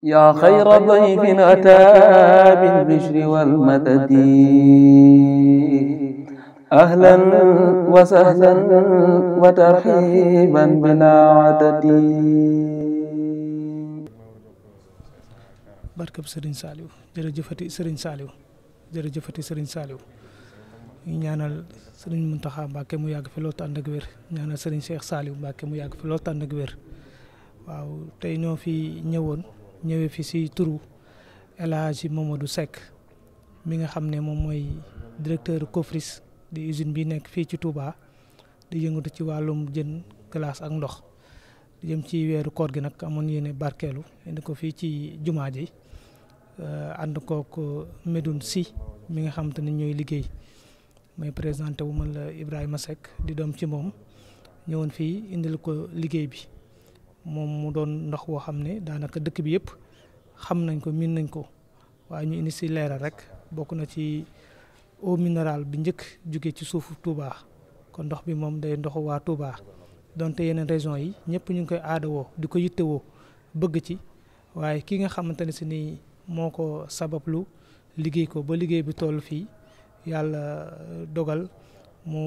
yaa xayra dayfin ataa bil bishri wal madadi ahlan wa sahlan wa tarxiiban adadi. barkab Serigne Saliou jërëjëfati Serigne Saliou jërëjëfati ñaanal Serigne Mountakha Mbacké mu yàgg fi lool tànn ak wér ñaanal Serigne Cheikh Saliou Mbacké mu yàgg fi lool tànn tey ñoo fi ñëwoon. ñëwee fi si turu El Hadji du Seck mi nga xam ne moom mooy directeur Cofris di usine bi nekk fii ci Touba di yëngatu ci wàllum jën glace ak ndox di jëm ci weeru koor gi nag amoon yéene barkeelu indi ko fii ci jumaa ji euh, ànd kook Medoune si mi nga xam te ne ñooy liggéey mais présenté wu man la Ibrahima Seck di doom ci moom ñëwoon fii indil ko liggéey bi moom mu doon ndox woo xam ne daanaka dëkk bi yëpp xam nañ ko miin nañ ko waaye ñu indi si leeral rek bokk na ci eau minérale bi njëkk jóge ci suufu Touba kon ndox bi moom day ndoxu waa Touba donte yeneen régions yi ñëpp ñu ngi koy aadawoo di ko yittewoo bëgg ci waaye ki nga xamante ne si nii moo ko sabablu liggéey ko ba liggéey bi toll fii yàlla dogal mu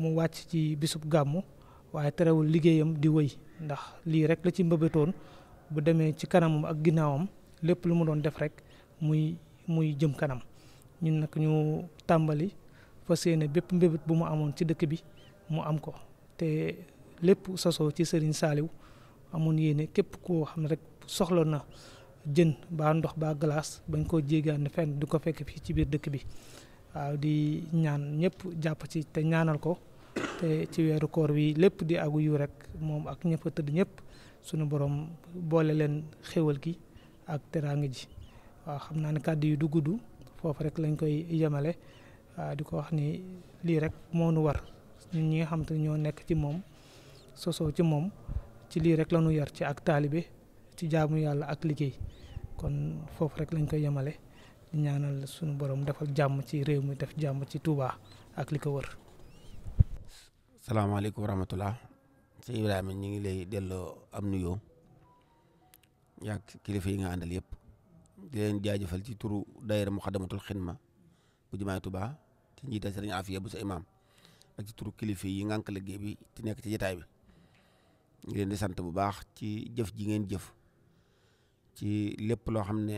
mu wàcc ci bisub gàmmu waaye terewul liggéeyam di wëy ndax lii rek la ci mbëbëtoon bu demee ci kanamam ak ginnaawam lépp lu mu doon def rek muy muy jëm kanam ñun nag ñu tàmbali fas yéene bépp mbébét bu mu amoon ci dëkk bi mu am ko te lépp sosoo ci Serigne saaliw amoon yéene képp koo xam ne rek soxla na jën baa ndox baa glace bañ koo jéegaane fenn di ko fekk fii ci biir dëkk bi waaw di ñaan ñëpp jàpp ci te ñaanal ko. te ci weeru koor wi lépp di agu yu rek moom ak ñëpp tëdd ñépp sunu boroom boole leen xéwal gi ak teraanga ji waaw xam naa ni kàddu yi du gudd foofu rek lañ koy yemale di ko wax ni lii rek moo nu war ñun ñi nga xam te ñoo nekk ci moom sosoo ci moom ci lii rek la ñu yar ci ak taalibe ci jaamu yàlla ak liggéey kon foofu rek lañ koy yemale di ñaanal sunu borom defal jàmm ci réew mi def jàmm ci tuubaa ak li ko wër. salaamaaleykum wa rahmatulah sëñ Ibrahima ñu ngi lay delloo am nuyoo yàgg kilifa yi nga àndal yëpp di leen jaajëfal ci turu daayira Muxaddamatul Xidma bu tu Tuubaa ci njiital sëriñ Afiya bu sa imaam ak ci turu kilifa yi ngànk liggéey bi te nekk ci jotaay bi ñu leen di sant bu baax ci jëf ji ngeen jëf ci lépp loo xam ne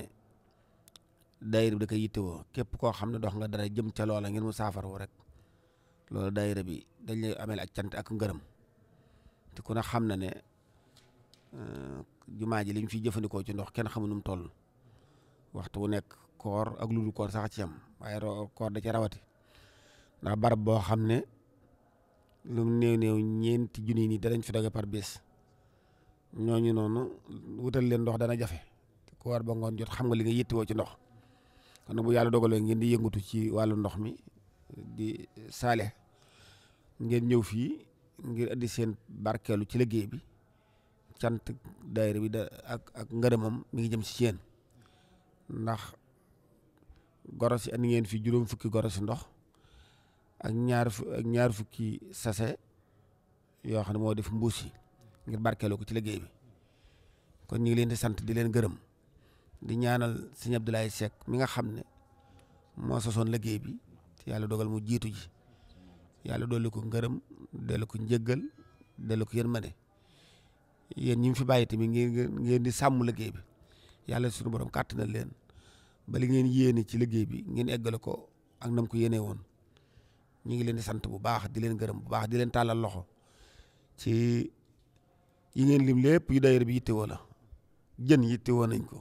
daayira bi da koy yittewoo képp koo xam ne dox nga dara jëm ca loola ngeen mu saafara rek. loolu daayira bi dañ lay ameel ak cant ak ngërëm te ku ne xam na ne euh, jumaa ji li ñu fiy jëfandikoo ci ndox kenn xamu nu mu toll waxtu wu nekk koor ak lu dul koor sax ci am waaye koor da ci rawati ndax barab boo xam ne lu néew néew ñeenti junni nii danañ fi doge par bés ñooñu noonu wutal leen ndox dana jafe te koor ba jot xam nga li nga yittiwoo ci ndox kon bu yàlla dogalee ngeen di yëngatu ci wàllu ndox mi di saale ngeen ñëw fii ngir indi seen barkeelu ci liggéey bi cant daayira bi da ak ak ngërëmam mi ngi jëm si seen ndax goros yi andi ngeen fi juróom fukki goros yi ndox ak ñaar fukki sase yoo xam ne moo def mbuus yi ngir barkeelu ko ci liggéey bi kon ñu ngi leen di sant di leen gërëm di ñaanal sëñ Abdoulaye Seck mi nga xam ne moo sosoon liggéey bi te yàlla dogal mu jiitu ji yàlla dolli ko ngërëm dolli ko njëggal dolli ko yéen ñi mu fi bàyyi tamit ngeen ngeen di sàmm liggéey bi yàlla suñu borom kàttanal leen ba li ngeen yéene ci liggéey bi ngeen eggale ko ak nam ko yéene woon ñu ngi leen di sant bu baax di leen gërëm bu baax di leen tàllal loxo ci yi ngeen lim lépp yu daayira bi yittewoo la jën yittewoo nañ ko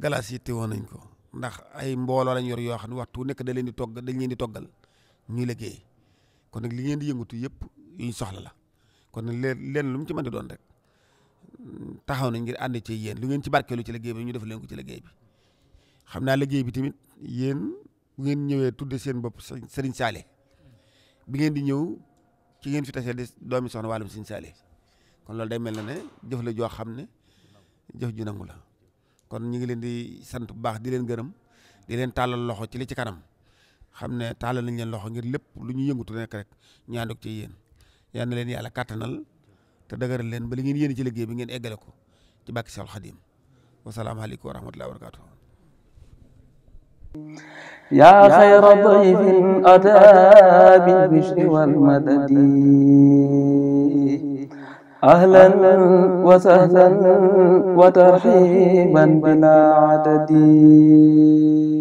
galaas yittewoo nañ ko ndax ay mbooloo lañ yor yoo xam ne waxtu nekk da leen di togg dañ leen di toggal ñuy liggéey kon nag li ngeen di yëngatu yëpp yuñ soxla la kon nag leen leen lu mu ci mën di doon rek taxaw nañ ngir ànd ci yéen lu ngeen ci barkeelu ci liggéey bi ñu def leen ci liggéey xam naa liggéey bi tamit yéen bu ngeen ñëwee tudde seen bopp sëriñ saale bi ngeen di ñëw ci ngeen fi tasee di doomi soxna wàllum sëriñ saale kon loolu day mel na ne jëf la joo xam ne jëf ju nangu la kon ñu ngi leen di sant bu baax di leen gërëm di leen tàllal loxo ci li ci kanam xam ne taalal nañ leen loxo ngir lépp lu ñu yëngatu nekk rek ñaandoog ci yéen yal na leen yàlla kattanal te leen ba li ci liggéey bi ngeen eggale ko ci bàkki Seexul Xadim wasalaamaaleykum wa rahmatullahi wa yaa xayra dayfin ataa bil madadi ahlan wa sahlan wa adadi